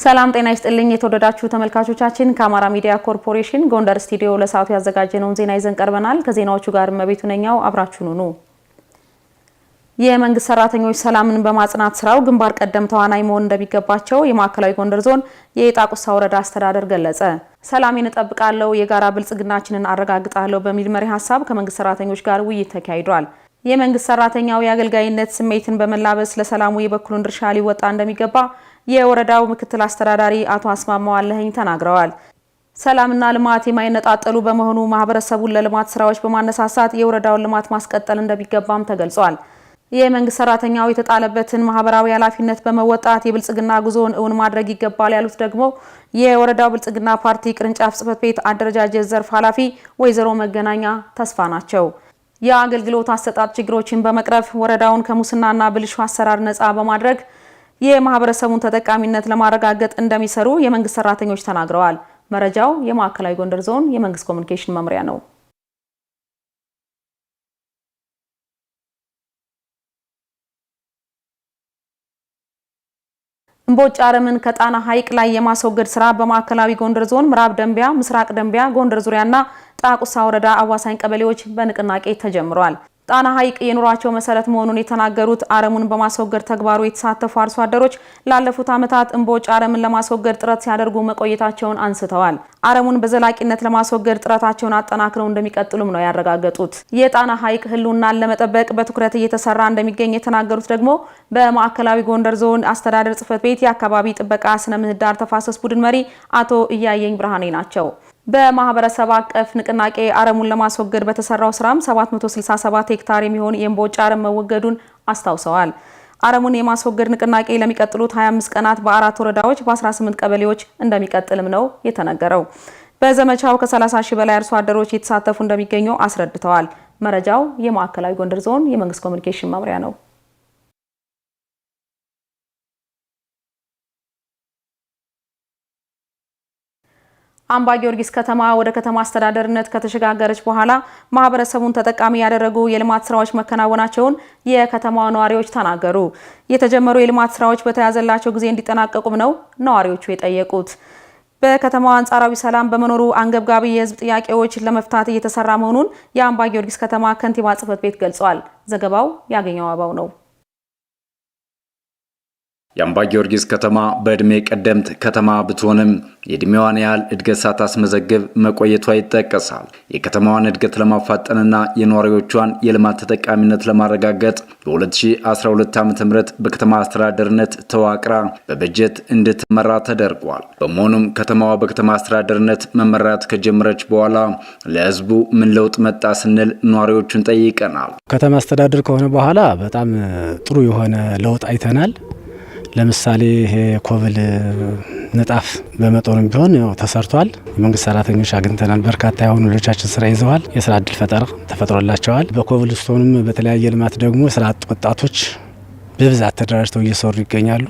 ሰላም ጤና ይስጥልኝ። የተወደዳችሁ ተመልካቾቻችን ከአማራ ሚዲያ ኮርፖሬሽን ጎንደር ስቱዲዮ ለሰዓቱ ያዘጋጀነውን ዜና ይዘን ቀርበናል። ከዜናዎቹ ጋር እመቤቱ ነኛው አብራችሁኑ የመንግስት ሰራተኞች ሰላምን በማጽናት ስራው ግንባር ቀደም ተዋናይ መሆን እንደሚገባቸው የማዕከላዊ ጎንደር ዞን ቁሳ ወረዳ አስተዳደር ገለጸ። ሰላሜን እጠብቃለሁ፣ የጋራ ብልጽግናችንን አረጋግጣለሁ በሚል መሪ ሀሳብ ከመንግስት ሰራተኞች ጋር ውይይት ተካሂዷል። የመንግስት ሰራተኛው የአገልጋይነት ስሜትን በመላበስ ለሰላሙ የበኩሉን ድርሻ ሊወጣ እንደሚገባ የወረዳው ምክትል አስተዳዳሪ አቶ አስማማው አለኸኝ ተናግረዋል። ሰላምና ልማት የማይነጣጠሉ በመሆኑ ማህበረሰቡን ለልማት ስራዎች በማነሳሳት የወረዳውን ልማት ማስቀጠል እንደሚገባም ተገልጿል። የመንግስት ሰራተኛው የተጣለበትን ማህበራዊ ኃላፊነት በመወጣት የብልጽግና ጉዞውን እውን ማድረግ ይገባል ያሉት ደግሞ የወረዳው ብልጽግና ፓርቲ ቅርንጫፍ ጽህፈት ቤት አደረጃጀት ዘርፍ ኃላፊ ወይዘሮ መገናኛ ተስፋ ናቸው። የአገልግሎት አሰጣጥ ችግሮችን በመቅረፍ ወረዳውን ከሙስናና ብልሹ አሰራር ነፃ በማድረግ የማህበረሰቡን ተጠቃሚነት ለማረጋገጥ እንደሚሰሩ የመንግስት ሰራተኞች ተናግረዋል። መረጃው የማዕከላዊ ጎንደር ዞን የመንግስት ኮሚኒኬሽን መምሪያ ነው። እምቦጭ አረምን ከጣና ሐይቅ ላይ የማስወገድ ስራ በማዕከላዊ ጎንደር ዞን ምዕራብ ደንቢያ፣ ምስራቅ ደንቢያ፣ ጎንደር ዙሪያና ጣቁሳ ወረዳ አዋሳኝ ቀበሌዎች በንቅናቄ ተጀምሯል። ጣና ሐይቅ የኑሯቸው መሰረት መሆኑን የተናገሩት አረሙን በማስወገድ ተግባሩ የተሳተፉ አርሶ አደሮች ላለፉት ዓመታት እምቦጭ አረምን ለማስወገድ ጥረት ሲያደርጉ መቆየታቸውን አንስተዋል። አረሙን በዘላቂነት ለማስወገድ ጥረታቸውን አጠናክረው እንደሚቀጥሉም ነው ያረጋገጡት። የጣና ሐይቅ ሕልውናን ለመጠበቅ በትኩረት እየተሰራ እንደሚገኝ የተናገሩት ደግሞ በማዕከላዊ ጎንደር ዞን አስተዳደር ጽሕፈት ቤት የአካባቢ ጥበቃ ስነ ምህዳር ተፋሰስ ቡድን መሪ አቶ እያየኝ ብርሃኔ ናቸው። በማህበረሰብ አቀፍ ንቅናቄ አረሙን ለማስወገድ በተሰራው ስራም 767 ሄክታር የሚሆን የእምቦጭ አረም መወገዱን አስታውሰዋል። አረሙን የማስወገድ ንቅናቄ ለሚቀጥሉት 25 ቀናት በአራት ወረዳዎች በ18 ቀበሌዎች እንደሚቀጥልም ነው የተነገረው። በዘመቻው ከ30 ሺህ በላይ አርሶ አደሮች የተሳተፉ እንደሚገኙ አስረድተዋል። መረጃው የማዕከላዊ ጎንደር ዞን የመንግስት ኮሚኒኬሽን መምሪያ ነው። አምባ ጊዮርጊስ ከተማ ወደ ከተማ አስተዳደርነት ከተሸጋገረች በኋላ ማህበረሰቡን ተጠቃሚ ያደረጉ የልማት ስራዎች መከናወናቸውን የከተማዋ ነዋሪዎች ተናገሩ። የተጀመሩ የልማት ስራዎች በተያዘላቸው ጊዜ እንዲጠናቀቁም ነው ነዋሪዎቹ የጠየቁት። በከተማዋ አንጻራዊ ሰላም በመኖሩ አንገብጋቢ የህዝብ ጥያቄዎች ለመፍታት እየተሰራ መሆኑን የአምባ ጊዮርጊስ ከተማ ከንቲባ ጽህፈት ቤት ገልጿል። ዘገባው ያገኘው አባው ነው። የአምባ ጊዮርጊስ ከተማ በዕድሜ ቀደምት ከተማ ብትሆንም የዕድሜዋን ያህል እድገት ሳታስመዘግብ መቆየቷ ይጠቀሳል። የከተማዋን እድገት ለማፋጠንና የነዋሪዎቿን የልማት ተጠቃሚነት ለማረጋገጥ በ2012 ዓ ም በከተማ አስተዳደርነት ተዋቅራ በበጀት እንድትመራ ተደርጓል። በመሆኑም ከተማዋ በከተማ አስተዳደርነት መመራት ከጀመረች በኋላ ለህዝቡ ምን ለውጥ መጣ ስንል ነዋሪዎቹን ጠይቀናል። ከተማ አስተዳደር ከሆነ በኋላ በጣም ጥሩ የሆነ ለውጥ አይተናል። ለምሳሌ ይሄ ኮብል ንጣፍ በመጠኑም ቢሆን ያው ተሰርቷል። የመንግስት ሰራተኞች አግኝተናል። በርካታ የሆኑ ልጆቻችን ስራ ይዘዋል። የስራ እድል ፈጠራ ተፈጥሮላቸዋል። በኮብል ስቶንም በተለያየ ልማት ደግሞ ስራ አጥ ወጣቶች በብዛት ተደራጅተው እየሰሩ ይገኛሉ።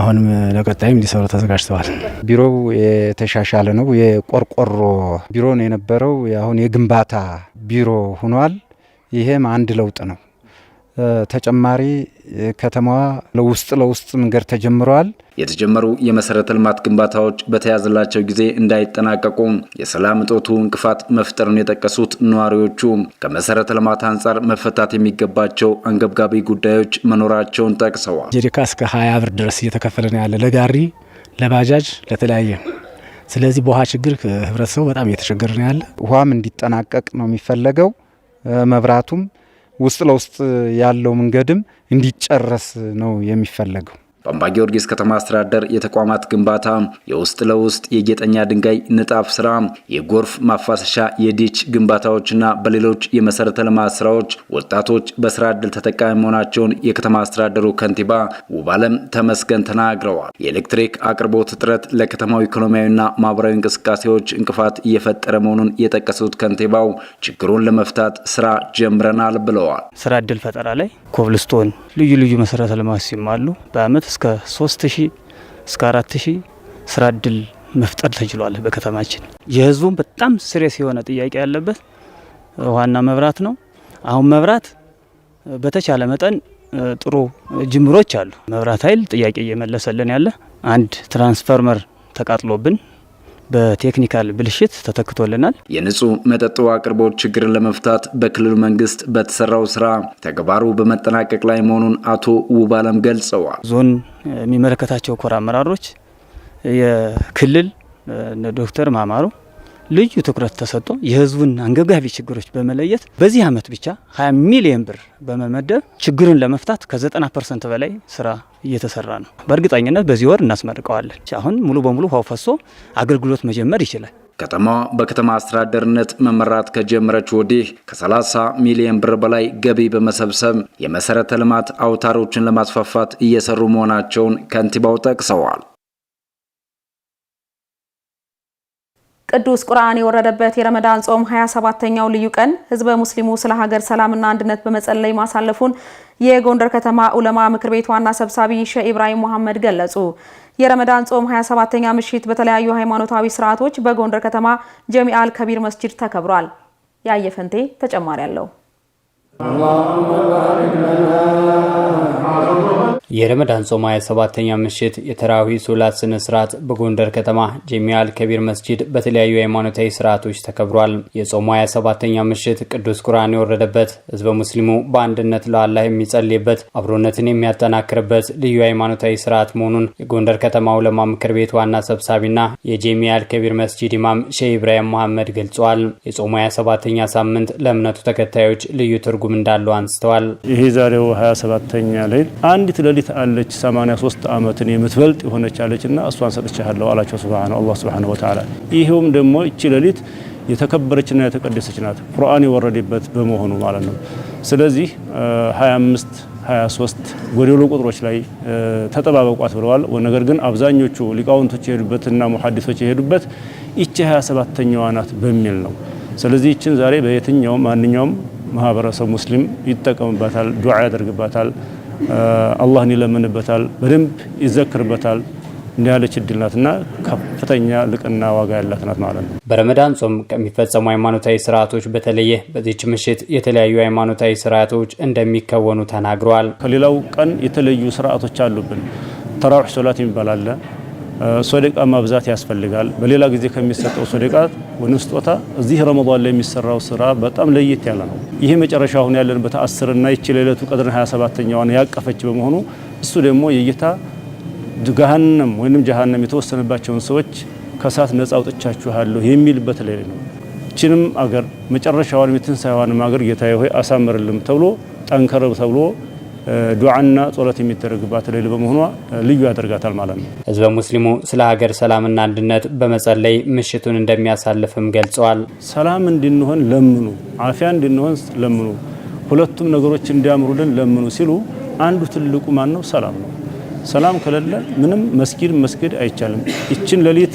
አሁንም ለቀጣይም ሊሰሩ ተዘጋጅተዋል። ቢሮው የተሻሻለ ነው። የቆርቆሮ ቢሮ ነው የነበረው። አሁን የግንባታ ቢሮ ሆኗል። ይሄም አንድ ለውጥ ነው። ተጨማሪ ከተማዋ ለውስጥ ለውስጥ መንገድ ተጀምረዋል። የተጀመሩ የመሰረተ ልማት ግንባታዎች በተያዘላቸው ጊዜ እንዳይጠናቀቁ የሰላም እጦቱ እንቅፋት መፍጠርን የጠቀሱት ነዋሪዎቹ ከመሰረተ ልማት አንጻር መፈታት የሚገባቸው አንገብጋቢ ጉዳዮች መኖራቸውን ጠቅሰዋል። ጄሪካ እስከ ሀያ ብር ድረስ እየተከፈለ ነው ያለ ለጋሪ፣ ለባጃጅ፣ ለተለያየ። ስለዚህ በውሃ ችግር ህብረተሰቡ በጣም እየተቸገረ ነው ያለ። ውሃም እንዲጠናቀቅ ነው የሚፈለገው መብራቱም ውስጥ ለውስጥ ያለው መንገድም እንዲጨረስ ነው የሚፈለገው። በአምባ ጊዮርጊስ ከተማ አስተዳደር የተቋማት ግንባታ፣ የውስጥ ለውስጥ የጌጠኛ ድንጋይ ንጣፍ ስራ፣ የጎርፍ ማፋሰሻ፣ የዲች ግንባታዎችና በሌሎች የመሰረተ ልማት ስራዎች ወጣቶች በስራ እድል ተጠቃሚ መሆናቸውን የከተማ አስተዳደሩ ከንቲባ ውባለም ተመስገን ተናግረዋል። የኤሌክትሪክ አቅርቦት እጥረት ለከተማው ኢኮኖሚያዊና ማህበራዊ እንቅስቃሴዎች እንቅፋት እየፈጠረ መሆኑን የጠቀሱት ከንቲባው ችግሩን ለመፍታት ስራ ጀምረናል ብለዋል። ስራ እድል ፈጠራ ላይ ኮብልስቶን ልዩ ልዩ መሰረተ ልማት ሲማሉ በአመት እስከ 3000 እስከ 4000 ስራ እድል መፍጠር ተችሏል። በከተማችን የህዝቡም በጣም ስሬስ የሆነ ጥያቄ ያለበት ውሃና መብራት ነው። አሁን መብራት በተቻለ መጠን ጥሩ ጅምሮች አሉ። መብራት ኃይል ጥያቄ እየመለሰልን ያለ አንድ ትራንስፈርመር ተቃጥሎብን በቴክኒካል ብልሽት ተተክቶልናል። የንጹህ መጠጥ ውሃ አቅርቦት ችግርን ለመፍታት በክልሉ መንግስት በተሰራው ስራ ተግባሩ በመጠናቀቅ ላይ መሆኑን አቶ ውባለም ገልጸዋል። ዞን የሚመለከታቸው ኮር አመራሮች፣ የክልል ዶክተር ማማሩ ልዩ ትኩረት ተሰጥቶ የህዝቡን አንገብጋቢ ችግሮች በመለየት በዚህ ዓመት ብቻ 20 ሚሊዮን ብር በመመደብ ችግሩን ለመፍታት ከ90 ፐርሰንት በላይ ስራ እየተሰራ ነው። በእርግጠኝነት በዚህ ወር እናስመርቀዋለን። አሁን ሙሉ በሙሉ ውሃው ፈሶ አገልግሎት መጀመር ይችላል። ከተማዋ በከተማ አስተዳደርነት መመራት ከጀመረች ወዲህ ከ30 ሚሊዮን ብር በላይ ገቢ በመሰብሰብ የመሰረተ ልማት አውታሮችን ለማስፋፋት እየሰሩ መሆናቸውን ከንቲባው ጠቅሰዋል። ቅዱስ ቁርአን የወረደበት የረመዳን ጾም 27ኛው ልዩ ቀን ህዝበ ሙስሊሙ ስለ ሀገር ሰላምና አንድነት በመጸለይ ማሳለፉን የጎንደር ከተማ ዑለማ ምክር ቤት ዋና ሰብሳቢ ሼህ ኢብራሂም መሐመድ ገለጹ። የረመዳን ጾም 27ኛ ምሽት በተለያዩ ሃይማኖታዊ ስርዓቶች በጎንደር ከተማ ጀሚአል ከቢር መስጂድ ተከብሯል። ያየፈንቴ ተጨማሪ አለው። የረመዳን ጾም 27ኛ ምሽት የተራዊ ሶላት ስነ ስርዓት በጎንደር ከተማ ጀሚያል ከቢር መስጂድ በተለያዩ ሃይማኖታዊ ስርዓቶች ተከብሯል። የጾሙ 27ኛ ምሽት ቅዱስ ቁርአን የወረደበት፣ ህዝበ ሙስሊሙ በአንድነት ለአላህ የሚጸልይበት፣ አብሮነትን የሚያጠናክርበት ልዩ ሃይማኖታዊ ስርዓት መሆኑን የጎንደር ከተማው ለማ ምክር ቤት ዋና ሰብሳቢና የጀሚያል ከቢር መስጂድ ኢማም ሼህ ኢብራሂም መሐመድ ገልጿል። የጾሙ 27ኛ ሳምንት ለእምነቱ ተከታዮች ልዩ ትርጉም እንዳለው አንስተዋል። ይሄ ዛሬው 27ኛ ሌል ሌሊት አለች 83 ዓመትን የምትበልጥ የሆነች አለችና እሷን ሰጥቻለሁ አላቸው። ስብሓን አላህ ስብሓን ወተዓላ። ይሄውም ደግሞ እቺ ሌሊት የተከበረችና የተቀደሰች ናት ቁርአን የወረደበት በመሆኑ ማለት ነው። ስለዚህ 25 23 ጎደሎ ቁጥሮች ላይ ተጠባበቋት ብለዋል። ነገር ግን አብዛኞቹ ሊቃውንቶች የሄዱበትና ሙሐዲሶች የሄዱበት ይቺ 27ተኛዋ ናት በሚል ነው። ስለዚህ ይችን ዛሬ በየትኛውም ማንኛውም ማህበረሰብ ሙስሊም ይጠቀምባታል፣ ዱዓ ያደርግባታል። አላህን ይለምንበታል፣ በደንብ ይዘክርበታል። እንዲህ ያለች እድል ናትና ከፍተኛ ልቅና ዋጋ ያላት ናት ማለት ነው። በረመዳን ጾም ከሚፈጸሙ ሃይማኖታዊ ስርዓቶች በተለየ በዚች ምሽት የተለያዩ ሃይማኖታዊ ስርዓቶች እንደሚከወኑ ተናግረዋል። ከሌላው ቀን የተለዩ ስርዓቶች አሉብን። ተራዊሕ ሶላት የሚባል አለ ሶደቃ ማብዛት ያስፈልጋል። በሌላ ጊዜ ከሚሰጠው ሶደቃ ወይም ስጦታ እዚህ ረመዳን ላይ የሚሰራው ስራ በጣም ለየት ያለ ነው። ይሄ መጨረሻ አሁን ያለንበት አስርና ይቺ ሌለቱ ቀድርን 27ኛዋን ያቀፈች በመሆኑ እሱ ደግሞ የጌታ ገሃነም ወይም ጀሃነም የተወሰነባቸውን ሰዎች ከእሳት ነጻ አውጥቻችኋለሁ የሚልበት ላይ ነው። ይችንም አገር መጨረሻዋን የትንሣኤዋንም አገር ጌታዬ ሆይ አሳምርልም ተብሎ ጠንከር ተብሎ ዱዓና ጸሎት የሚደረግባት ሌሊት በመሆኗ ልዩ ያደርጋታል ማለት ነው። ህዝበ ሙስሊሙ ስለ ሀገር ሰላምና አንድነት በመጸለይ ምሽቱን እንደሚያሳልፍም ገልጸዋል። ሰላም እንድንሆን ለምኑ፣ አፊያ እንድንሆን ለምኑ፣ ሁለቱም ነገሮች እንዲያምሩልን ለምኑ ሲሉ አንዱ ትልቁ ማን ነው? ሰላም ነው። ሰላም ከሌለ ምንም መስጊድ መስጊድ አይቻልም። ይችን ሌሊት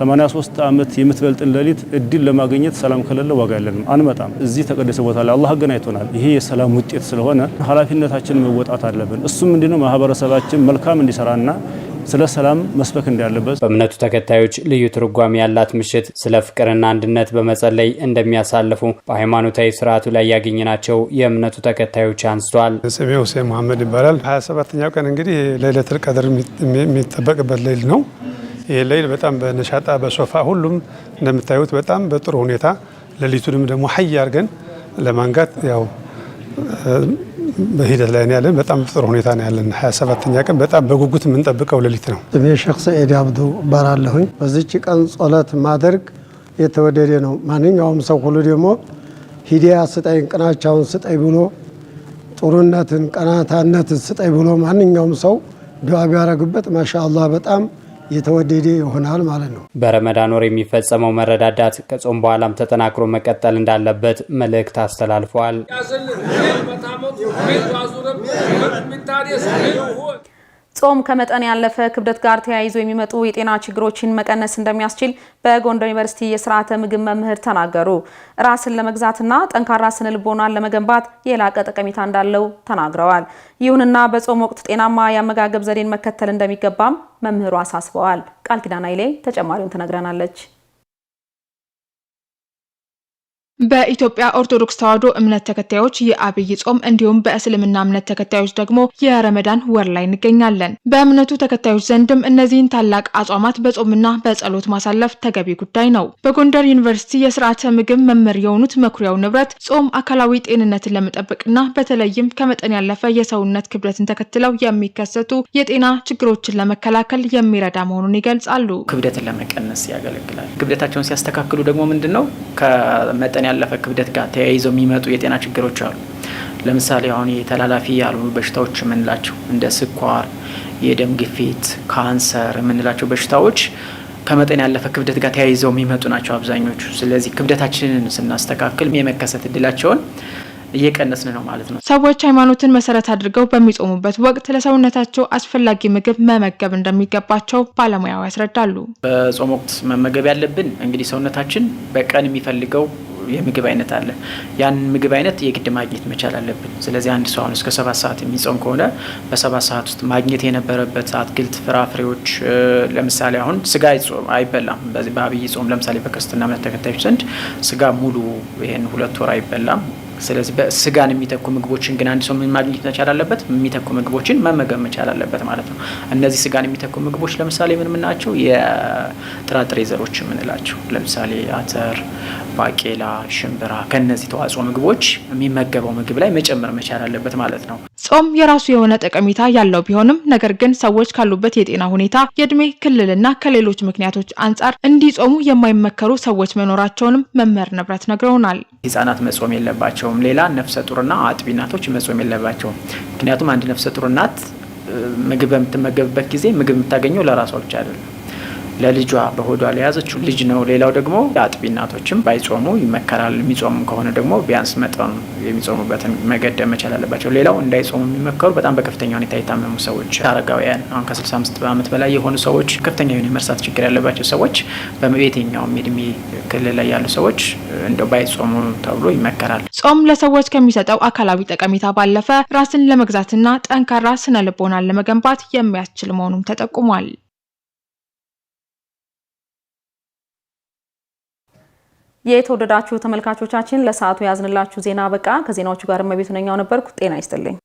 83 ዓመት የምትበልጥን ሌሊት እድል ለማግኘት ሰላም ከሌለ ዋጋ የለንም፣ አንመጣም። እዚህ ተቀደሰ ቦታ ላይ አላህ አገናኝቶናል። ይሄ የሰላም ውጤት ስለሆነ ኃላፊነታችን መወጣት አለብን። እሱም ምንድነው ማህበረሰባችን መልካም እንዲሰራና ስለ ሰላም መስበክ እንዳለበት በእምነቱ ተከታዮች ልዩ ትርጓሚ ያላት ምሽት ስለ ፍቅርና አንድነት በመጸለይ እንደሚያሳልፉ በሃይማኖታዊ ስርዓቱ ላይ ያገኘናቸው የእምነቱ ተከታዮች አንስቷል። ስሜ ሁሴን መሐመድ ይባላል። 27ኛው ቀን እንግዲህ ለይለቱል ቀድር የሚጠበቅበት ሌል ነው። ይህ ሌሊት በጣም በነሻጣ በሶፋ ሁሉም እንደምታዩት በጣም በጥሩ ሁኔታ ሌሊቱንም ደግሞ ሀይ አድርገን ለማንጋት ያው በሂደት ላይ ያለን በጣም ጥሩ ሁኔታ ነው ያለን ሀያ ሰባተኛ ቀን በጣም በጉጉት የምንጠብቀው ሌሊት ነው። ስሜ ሸክ ሰኤድ አብዱ እባላለሁኝ። በዚች ቀን ጸሎት ማድረግ የተወደደ ነው። ማንኛውም ሰው ሁሉ ደግሞ ሂዲያ ስጠኝ፣ ቅናቻውን ስጠኝ ብሎ ጥሩነትን፣ ቀናታነትን ስጠኝ ብሎ ማንኛውም ሰው ዱዓ ቢያደርግበት ማሻ አላህ በጣም የተወደደ ይሆናል ማለት ነው። በረመዳን ወር የሚፈጸመው መረዳዳት ከጾም በኋላም ተጠናክሮ መቀጠል እንዳለበት መልእክት አስተላልፏል። ጾም ከመጠን ያለፈ ክብደት ጋር ተያይዞ የሚመጡ የጤና ችግሮችን መቀነስ እንደሚያስችል በጎንደር ዩኒቨርሲቲ የስርዓተ ምግብ መምህር ተናገሩ። ራስን ለመግዛትና ጠንካራ ስነ ልቦናን ለመገንባት የላቀ ጠቀሜታ እንዳለው ተናግረዋል። ይሁንና በጾም ወቅት ጤናማ የአመጋገብ ዘዴን መከተል እንደሚገባም መምህሩ አሳስበዋል። ቃል ኪዳን ኃይሌ ተጨማሪውን ትነግረናለች። በኢትዮጵያ ኦርቶዶክስ ተዋሕዶ እምነት ተከታዮች የአብይ ጾም እንዲሁም በእስልምና እምነት ተከታዮች ደግሞ የረመዳን ወር ላይ እንገኛለን። በእምነቱ ተከታዮች ዘንድም እነዚህን ታላቅ አጽዋማት በጾምና በጸሎት ማሳለፍ ተገቢ ጉዳይ ነው። በጎንደር ዩኒቨርሲቲ የስርዓተ ምግብ መምህር የሆኑት መኩሪያው ንብረት ጾም አካላዊ ጤንነትን ለመጠበቅና በተለይም ከመጠን ያለፈ የሰውነት ክብደትን ተከትለው የሚከሰቱ የጤና ችግሮችን ለመከላከል የሚረዳ መሆኑን ይገልጻሉ። ክብደትን ለመቀነስ ያገለግላል። ክብደታቸውን ሲያስተካክሉ ደግሞ ምንድን ነው ከመጠን ያለፈ ክብደት ጋር ተያይዘው የሚመጡ የጤና ችግሮች አሉ። ለምሳሌ አሁን የተላላፊ ያልሆኑ በሽታዎች የምንላቸው እንደ ስኳር፣ የደም ግፊት፣ ካንሰር የምንላቸው በሽታዎች ከመጠን ያለፈ ክብደት ጋር ተያይዘው የሚመጡ ናቸው አብዛኞቹ። ስለዚህ ክብደታችንን ስናስተካክል የመከሰት እድላቸውን እየቀነስን ነው ማለት ነው። ሰዎች ሃይማኖትን መሰረት አድርገው በሚጾሙበት ወቅት ለሰውነታቸው አስፈላጊ ምግብ መመገብ እንደሚገባቸው ባለሙያው ያስረዳሉ። በጾም ወቅት መመገብ ያለብን እንግዲህ ሰውነታችን በቀን የሚፈልገው የምግብ አይነት አለ። ያን ምግብ አይነት የግድ ማግኘት መቻል አለብን። ስለዚህ አንድ ሰው አሁን እስከ ሰባት ሰዓት የሚጾም ከሆነ በሰባት ሰዓት ውስጥ ማግኘት የነበረበት አትክልት፣ ፍራፍሬዎች ለምሳሌ አሁን ስጋ አይበላም። በዚህ በአብይ ጾም ለምሳሌ በክርስትና እምነት ተከታዮች ዘንድ ስጋ ሙሉ ይህን ሁለት ወር አይበላም። ስለዚህ በስጋን የሚተኩ ምግቦችን ግን አንድ ሰው ምን ማግኘት መቻል አለበት? የሚተኩ ምግቦችን መመገብ መቻል አለበት ማለት ነው። እነዚህ ስጋን የሚተኩ ምግቦች ለምሳሌ ምን ምናቸው? የጥራጥሬ ዘሮች የምንላቸው ለምሳሌ አተር፣ ባቄላ፣ ሽምብራ ከነዚህ ተዋጽኦ ምግቦች የሚመገበው ምግብ ላይ መጨመር መቻል አለበት ማለት ነው። ጾም የራሱ የሆነ ጠቀሜታ ያለው ቢሆንም ነገር ግን ሰዎች ካሉበት የጤና ሁኔታ፣ የእድሜ ክልልና ከሌሎች ምክንያቶች አንጻር እንዲጾሙ የማይመከሩ ሰዎች መኖራቸውንም መምህር ንብረት ነግረውናል። ህጻናት መጾም የለባቸው የለባቸውም። ሌላ ነፍሰ ጡርና አጥቢ እናቶች መጾም የለባቸውም። ምክንያቱም አንድ ነፍሰ ጡር እናት ምግብ በምትመገብበት ጊዜ ምግብ የምታገኘው ለራሷ ብቻ አይደለም። ለልጇ በሆዷ ለያዘችው ልጅ ነው። ሌላው ደግሞ አጥቢ እናቶችም ባይጾሙ ይመከራል። የሚጾሙ ከሆነ ደግሞ ቢያንስ መጠኑ የሚጾሙበትን መገደብ መቻል አለባቸው። ሌላው እንዳይጾሙ የሚመከሩ በጣም በከፍተኛ ሁኔታ የታመሙ ሰዎች፣ አረጋውያን፣ አሁን ከ65 ዓመት በላይ የሆኑ ሰዎች፣ ከፍተኛ የሆነ የመርሳት ችግር ያለባቸው ሰዎች፣ በየትኛውም እድሜ ክልል ላይ ያሉ ሰዎች እንደው ባይጾሙ ተብሎ ይመከራል። ጾም ለሰዎች ከሚሰጠው አካላዊ ጠቀሜታ ባለፈ ራስን ለመግዛትና ጠንካራ ስነ ልቦናን ለመገንባት የሚያስችል መሆኑም ተጠቁሟል። የተወደዳችሁ ተመልካቾቻችን ለሰዓቱ የያዝንላችሁ ዜና በቃ። ከዜናዎቹ ጋር እመቤቱ ነኛው ነበርኩ። ጤና ይስጥልኝ።